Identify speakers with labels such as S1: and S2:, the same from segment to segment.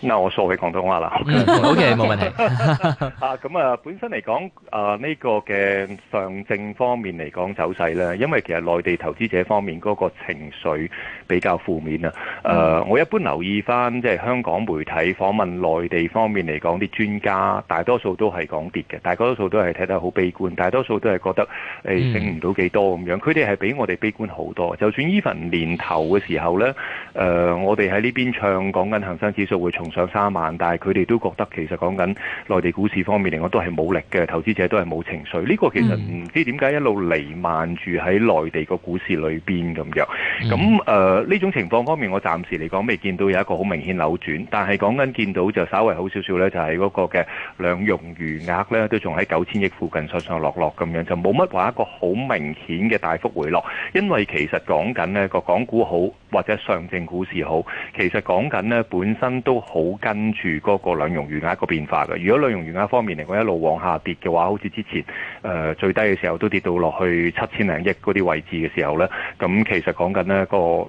S1: 嗱、no，我數畀廣東話啦。
S2: 好嘅，冇問題。
S1: 啊，咁啊，本身嚟講，啊、呃、呢、呢個嘅上證方面嚟講，走勢咧，因為其實內地投資者方面嗰個情緒，比較負面啊！呃、我一般留意翻，即係香港媒體訪問內地方面嚟講，啲專家大多數都係講跌嘅，大多數都係睇得好悲觀，大多數都係覺得誒升唔到幾多咁樣。佢哋係比我哋悲觀好多。就算依份年頭嘅時候呢，誒、呃，我哋喺呢邊唱講緊恒生指數會重上三萬，但係佢哋都覺得其實講緊內地股市方面嚟講都係冇力嘅，投資者都係冇情緒。呢個其實唔知點解一路瀰漫住喺內地個股市裏邊咁樣。咁呢種情況方面，我暫時嚟講未見到有一個好明顯扭轉，但係講緊見到就稍為好少少呢，就係嗰個嘅兩融餘額呢，都仲喺九千億附近上上落落咁樣，就冇乜話一個好明顯嘅大幅回落。因為其實講緊呢個港股好或者上證股市好，其實講緊呢本身都好跟住嗰個兩融餘額個變化嘅。如果兩融餘額方面嚟講一路往下跌嘅話，好似之前誒最低嘅時候都跌到落去七千零億嗰啲位置嘅時候呢，咁其實講緊呢個。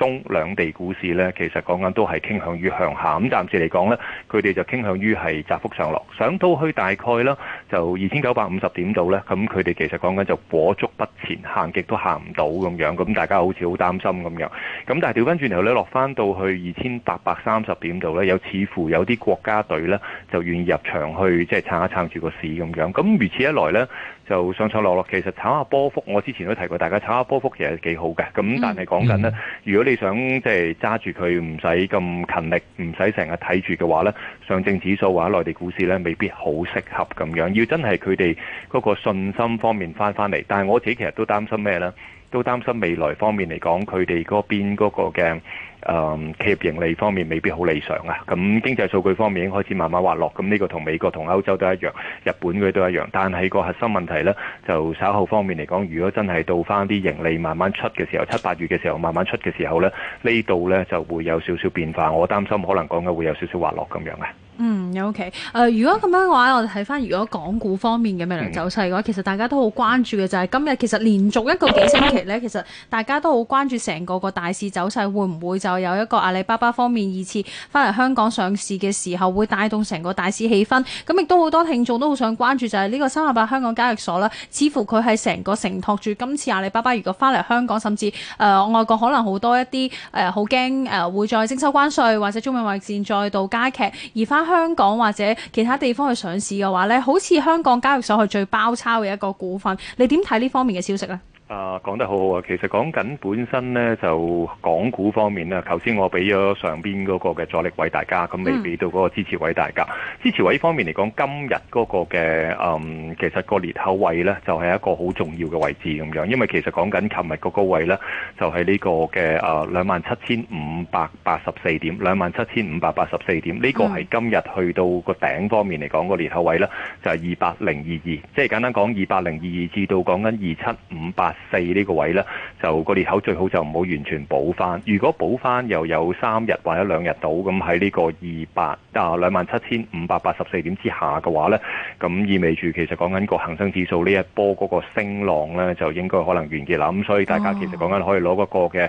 S1: 中兩地股市呢，其實講緊都係傾向於向下。咁暫時嚟講呢，佢哋就傾向於係窄幅上落，上到去大概啦就二千九百五十點度呢。咁佢哋其實講緊就裹足不前，行極都行唔到咁樣。咁大家好似好擔心咁樣。咁但係調翻轉頭呢，落翻到去二千八百三十點度呢，有似乎有啲國家隊呢，就願意入場去即係、就是、撐一撐住個市咁樣。咁如此一來呢，就上上落落。其實炒下波幅，我之前都提過，大家炒下波幅其實幾好嘅。咁但係講緊呢、嗯。如果你你想即係揸住佢唔使咁勤力，唔使成日睇住嘅話，呢上證指數或者內地股市呢未必好適合咁樣，要真係佢哋嗰個信心方面翻翻嚟，但係我自己其實都擔心咩呢？都擔心未來方面嚟講，佢哋嗰邊嗰個嘅誒、嗯、企業盈利方面未必好理想啊。咁經濟數據方面已經開始慢慢滑落，咁呢個同美國同歐洲都一樣，日本嘅都一樣。但係個核心問題呢，就稍後方面嚟講，如果真係到翻啲盈利慢慢出嘅時候，七八月嘅時候慢慢出嘅時候呢，這裡呢度呢就會有少少變化。我擔心可能講嘅會有少少滑落咁樣啊。
S3: 嗯，OK，誒、呃，如果咁樣嘅話，我哋睇翻如果港股方面嘅未來走勢嘅話，其實大家都好關注嘅就係、是、今日其實連續一個幾星期咧，其實大家都好關注成個個大市走勢會唔會就有一個阿里巴巴方面二次翻嚟香港上市嘅時候，會帶動成個大市氣氛。咁亦都好多聽眾都好想關注就係、是、呢個三八八香港交易所啦，似乎佢係成個承托住今次阿里巴巴如果翻嚟香港，甚至誒、呃、外國可能好多一啲誒好驚誒會再徵收關稅或者中美貿易戰再度加劇。而翻。香港或者其他地方去上市嘅話咧，好似香港交易所係最包抄嘅一個股份，你點睇呢方面嘅消息咧？
S1: 啊、uh,，講得好好啊！其實講緊本身呢，就港股方面咧，頭先我俾咗上邊嗰個嘅阻力位大家，咁未俾到嗰個支持位大家。支持位方面嚟講，今日嗰個嘅嗯，其實個裂口位呢，就係、是、一個好重要嘅位置咁樣，因為其實講緊琴日個位呢，就係、是、呢個嘅啊兩萬七千五百八十四點，兩萬七千五百八十四點呢、mm. 個係今日去到個頂方面嚟講個裂口位呢，就係二百零二二，即係簡單講二百零二二至到講緊二七五八。四呢個位呢，就個裂口最好就唔好完全補翻。如果補翻又有三日或者兩日到，咁喺呢個二百啊兩萬七千五百八十四點之下嘅話呢，咁意味住其實講緊個恒生指數呢一波嗰個升浪呢，就應該可能完結啦。咁所以大家其實講緊可以攞一個嘅誒、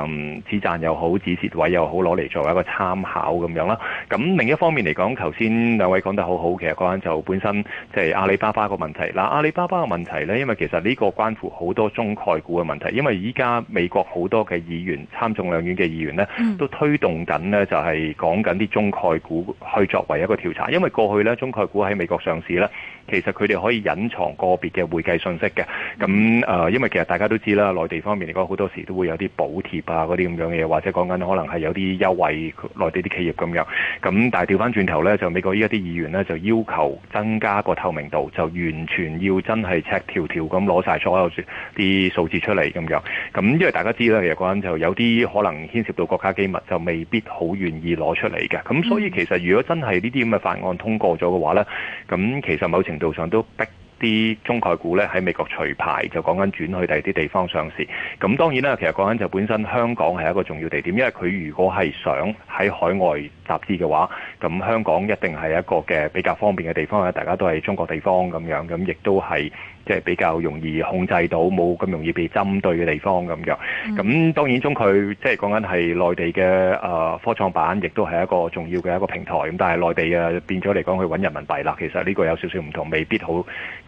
S1: oh. 止賺又好止蝕位又好攞嚟作為一個參考咁樣啦。咁另一方面嚟講，頭先兩位講得好好，其實講緊就本身即係阿里巴巴個問題。嗱、啊，阿里巴巴嘅問題呢，因為其實呢個關乎好多。中概股嘅問題，因為依家美國好多嘅議員參眾兩院嘅議員咧，都推動緊咧，就係講緊啲中概股去作為一個調查，因為過去咧，中概股喺美國上市咧。其實佢哋可以隱藏個別嘅會計信息嘅，咁誒、呃，因為其實大家都知啦，內地方面嚟講，好多時都會有啲補貼啊，嗰啲咁樣嘅嘢，或者講緊可能係有啲優惠內地啲企業咁樣。咁但係調翻轉頭呢，就美國依家啲議員呢，就要求增加個透明度，就完全要真係赤條條咁攞晒所有啲數字出嚟咁樣。咁因為大家知啦，其實嗰陣就有啲可能牽涉到國家機密，就未必好願意攞出嚟嘅。咁所以其實如果真係呢啲咁嘅法案通過咗嘅話呢，咁其實某程程度上都逼啲中概股咧喺美國除牌，就講緊轉去第二啲地方上市。咁當然啦，其實講緊就本身香港係一個重要地點，因為佢如果係想喺海外，集資嘅話，咁香港一定係一個嘅比較方便嘅地方。大家都係中國地方咁樣，咁亦都係即係比較容易控制到，冇咁容易被針對嘅地方咁樣。咁當然中佢即係講緊係內地嘅誒科創板，亦都係一個重要嘅一個平台。咁但係內地嘅變咗嚟講，去揾人民幣啦。其實呢個有少少唔同，未必好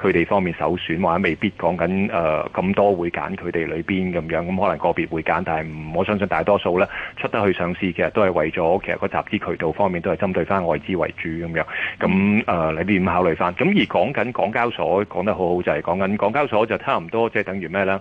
S1: 佢哋方面首選，或者未必講緊誒咁多會揀佢哋裏邊咁樣。咁可能個別會揀，但係我相信大多數呢出得去上市，其實都係為咗其實個集資。渠道方面都係針對翻外資為主咁樣，咁誒你哋點考慮翻？咁而講緊港交所講得好好就係講緊港交所就差唔多即係等於咩啦？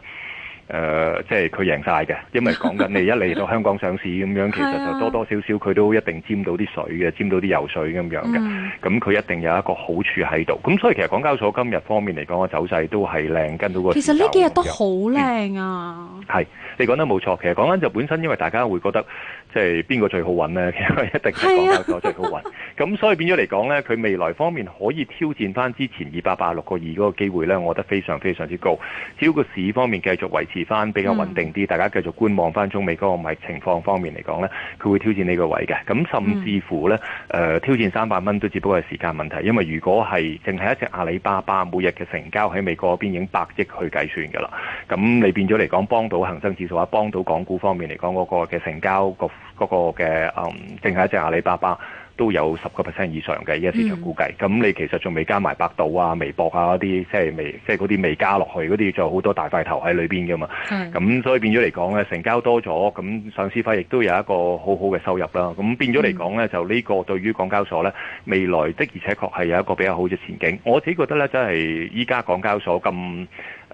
S1: 誒，即係佢贏晒嘅，因為講緊你一嚟到香港上市咁樣，其實就多多少少佢都一定沾到啲水嘅，沾到啲油水咁樣嘅。咁佢一定有一個好處喺度。咁所以其實港交所今日方面嚟講個走勢都係靚，跟到個其實呢幾日都好
S3: 靚啊。
S1: 係你講得冇錯，其實講緊就本身因為大家會覺得。即係邊個最好揾呢？因為一定係港交所最好揾。咁所以變咗嚟講呢，佢未來方面可以挑戰翻之前二百八十六個二嗰個機會呢，我覺得非常非常之高。只要個市方面繼續維持翻比較穩定啲、嗯，大家繼續觀望翻中美嗰個唔係情況方面嚟講呢，佢會挑戰呢個位嘅。咁甚至乎呢，誒、嗯呃、挑戰三百蚊都只不過係時間問題。因為如果係淨係一隻阿里巴巴每日嘅成交喺美國嗰邊已經百億去計算㗎啦。咁你變咗嚟講，幫到恒生指數啊，幫到港股方面嚟講嗰、嗰個嘅成交個。嗰、那個嘅誒，淨係一隻阿里巴巴都有十個 percent 以上嘅依個市場估計。咁、嗯、你其實仲未加埋百度啊、微博啊嗰啲，即係未，即係啲未加落去嗰啲，仲有好多大塊頭喺裏邊噶嘛。咁所以變咗嚟講咧，成交多咗，咁上市費亦都有一個好好嘅收入啦。咁變咗嚟講咧，嗯、就呢個對於港交所咧，未來的而且確係有一個比較好嘅前景。我自己覺得咧，真係依家港交所咁，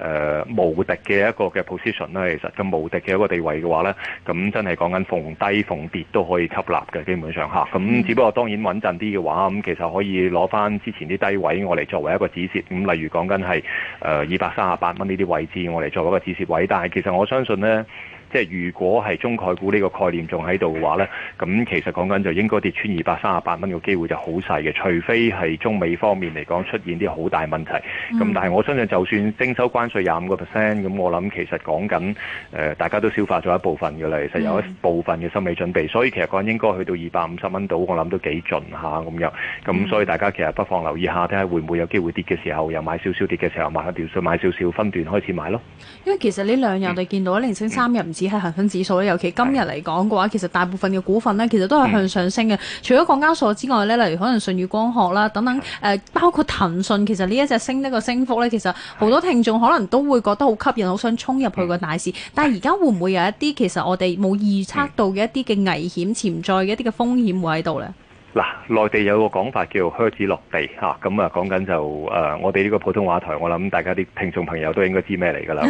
S1: 誒、呃、無敵嘅一個嘅 position，其實咁無敵嘅一個地位嘅話呢，咁真係講緊逢低逢跌都可以吸納嘅，基本上嚇。咁只不過當然穩陣啲嘅話，咁其實可以攞翻之前啲低位我嚟作為一個止蝕。咁例如講緊係誒二百三十八蚊呢啲位置，我嚟作為一個止蝕位。但係其實我相信呢。即係如果係中概股呢個概念仲喺度嘅話呢，咁其實講緊就應該跌穿二百三十八蚊個機會就好細嘅，除非係中美方面嚟講出現啲好大問題。咁、嗯、但係我相信就算徵收關稅廿五個 percent，咁我諗其實講緊、呃、大家都消化咗一部分嘅啦，其實有一部分嘅心理準備。嗯、所以其實講應該去到二百五十蚊度，我諗都幾盡下咁樣。咁、嗯、所以大家其實不妨留意下，睇下會唔會有機會跌嘅時候，又買少少跌嘅時候買少少，再買少買少分段開始買咯。
S3: 因為其實呢兩日我哋見到連升三日。只係恒生指數咧，尤其今日嚟講嘅話，其實大部分嘅股份咧，其實都係向上升嘅。除咗港交所之外咧，例如可能舜宇光學啦等等，誒、呃、包括騰訊，其實呢一隻升得個升幅咧，其實好多聽眾可能都會覺得好吸引，好想衝入去個大市。但係而家會唔會有一啲其實我哋冇預測到嘅一啲嘅危險潛在嘅一啲嘅風險會喺度咧？
S1: 嗱，內地有個講法叫靴子落地吓，咁啊講緊、嗯啊、就誒、呃，我哋呢個普通話台我諗大家啲聽眾朋友都應該知咩嚟㗎啦。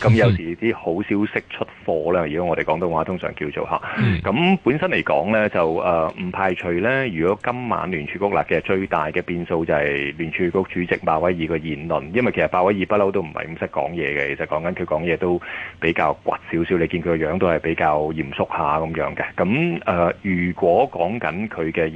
S1: 咁有時啲好消息出貨呢，如果我哋廣東話通常叫做吓。呃。咁本身嚟講咧就誒，唔排除咧，如果今晚聯儲局啦，其實最大嘅變數就係聯儲局主席鮑威爾嘅言論，因為其實鮑威爾不嬲都唔係咁識講嘢嘅，其實講緊佢講嘢都比較倔少少，你見佢個樣都係比較嚴肅下咁樣嘅。咁、啊、誒，如果講緊佢嘅。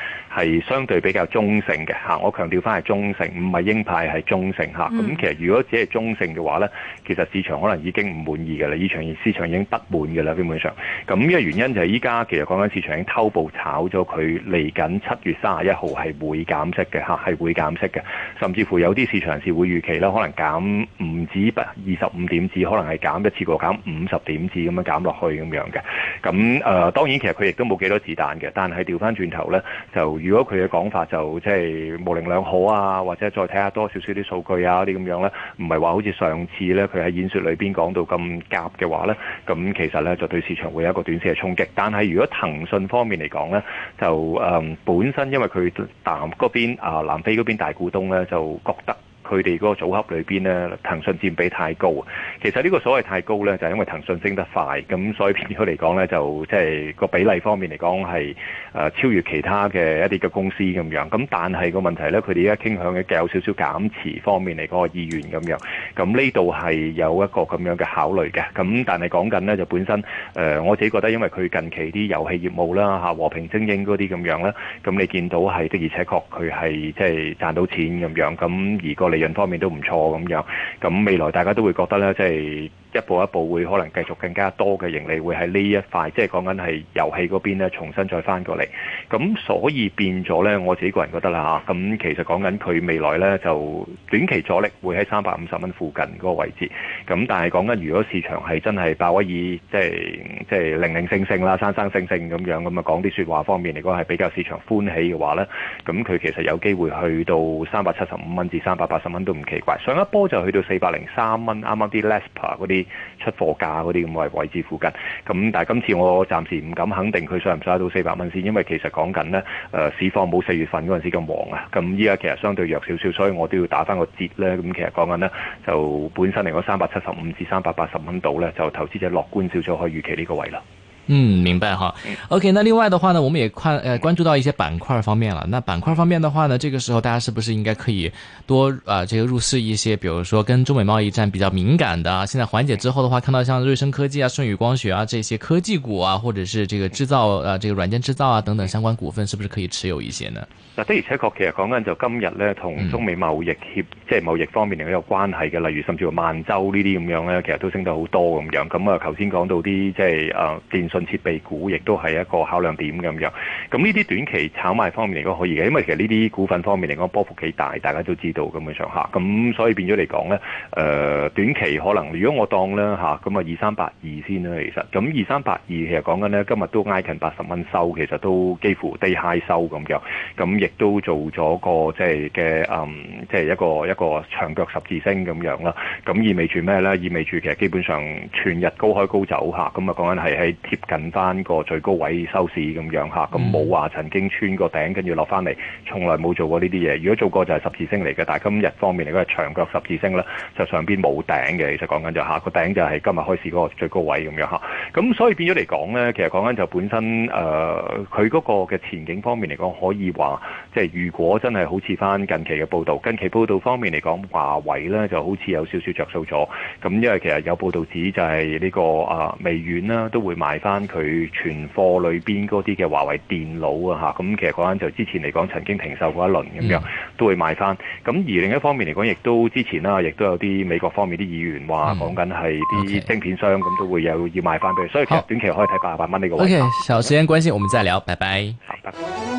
S1: 係相對比較中性嘅嚇，我強調翻係中性，唔係鷹派係中性嚇。咁其實如果只係中性嘅話呢，其實市場可能已經唔滿意嘅啦，依場市場已經不滿嘅啦，基本上。咁呢個原因就係依家其實講緊市場已經偷步炒咗佢，嚟緊七月三十一號係會減息嘅嚇，係會減息嘅，甚至乎有啲市場是會預期咧，可能減唔止二十五點至，可能係減一次過減五十點至咁樣減落去咁樣嘅。咁誒、呃、當然其實佢亦都冇幾多子彈嘅，但係調翻轉頭呢。就。如果佢嘅講法就即係模棱兩可啊，或者再睇下多少少啲數據啊，啲咁樣呢，唔係話好似上次呢，佢喺演說裏面講到咁夾嘅話呢，咁其實呢，就對市場會有一個短線嘅衝擊。但係如果騰訊方面嚟講呢，就誒、呃、本身因為佢南嗰邊啊、呃、南非嗰邊大股東呢，就覺得。佢哋嗰個組合裏邊咧，騰訊佔比太高。其實呢個所謂太高咧，就係、因為騰訊升得快，咁所以變咗嚟講咧，就即係個比例方面嚟講係誒超越其他嘅一啲嘅公司咁樣。咁但係個問題咧，佢哋而家傾向嘅有少少減持方面嚟講嘅意願咁樣。咁呢度係有一個咁樣嘅考慮嘅。咁但係講緊咧，就本身誒、呃、我自己覺得，因為佢近期啲遊戲業務啦吓，和平精英嗰啲咁樣啦，咁你見到係的而且確佢係即係賺到錢咁樣。咁而個你人方面都唔錯，咁樣咁未來大家都會覺得咧，即係。一步一步會可能繼續更加多嘅盈利，會喺呢一塊，即係講緊係遊戲嗰邊咧，重新再翻過嚟。咁所以變咗呢，我自己個人覺得啦嚇。咁其實講緊佢未來呢，就短期阻力會喺三百五十蚊附近嗰個位置。咁但係講緊，如果市場係真係爆，可以即係即係零零星星啦，生生性性咁樣，咁啊講啲説話方面嚟講係比較市場歡喜嘅話呢，咁佢其實有機會去到三百七十五蚊至三百八十蚊都唔奇怪。上一波就去到四百零三蚊，啱啱啲 Lespa 嗰啲。出貨價嗰啲咁嘅位置附近，咁但係今次我暫時唔敢肯定佢上唔上到四百蚊先，因為其實講緊呢，誒，市況冇四月份嗰陣時咁旺啊，咁依家其實相對弱少少，所以我都要打翻個折呢。咁其實講緊呢就本身嚟講三百七十五至三百八十蚊度呢，就投資者樂觀少少可以預期呢個位啦。
S2: 嗯，明白哈。OK，那另外的話呢，我們也看呃關注到一些板塊方面了。那板塊方面的話呢，這個時候大家是不是應該可以多啊、呃、這個入市一些？比如說跟中美貿易戰比較敏感的、啊，現在緩解之後的話，看到像瑞聲科技啊、舜宇光學啊這些科技股啊，或者是這個製造啊、呃、這個軟件製造啊等等相關股份，是不是可以持有一些呢？
S1: 那的而且確，其實講緊就今日呢，同中美貿易協、嗯、即係貿易方面嚟有關係嘅，例如甚至乎萬洲呢啲咁樣呢，其實都升得好多咁樣。咁啊，頭先講到啲即係啊電信設備股亦都係一個考量點咁樣，咁呢啲短期炒賣方面嚟講可以嘅，因為其實呢啲股份方面嚟講波幅幾大，大家都知道咁嘅上下，咁所以變咗嚟講呢，誒、呃、短期可能如果我當咧嚇咁啊二三八二先啦，其實咁二三八二其實講緊呢今日都挨近八十蚊收，其實都幾乎 day high 收咁樣，咁亦都做咗個即係嘅即係一個，即係嗯即係一個一個一個長腳十字星咁樣啦，咁意味住咩呢？意味住其實基本上全日高開高走嚇，咁啊講緊係喺近翻個最高位收市咁樣嚇，咁冇話曾經穿個頂跟住落翻嚟，從來冇做過呢啲嘢。如果做過就係十字星嚟嘅，但係今日方面嚟講係長腳十字星啦，就上邊冇頂嘅，其實講緊就下個頂就係今日開始嗰個最高位咁樣下。咁所以變咗嚟講呢，其實講緊就本身誒佢嗰個嘅前景方面嚟講，可以話即係如果真係好似翻近期嘅報導，近期報導方面嚟講，華為呢就好似有少少着數咗。咁因為其實有報導指就係呢、呢個啊微軟啦、啊、都會賣翻。佢存貨裏邊嗰啲嘅華為電腦啊嚇，咁其實嗰間就之前嚟講曾經停售過一輪咁樣、嗯，都會賣翻。咁而另一方面嚟講，亦都之前啦，亦都有啲美國方面啲議員話講緊係啲晶片商咁都會有要賣翻俾佢，嗯、okay，所以其實短期可以睇八十八蚊呢個位。O K，
S2: 有時間關心，我們再聊，拜拜。好，拜拜。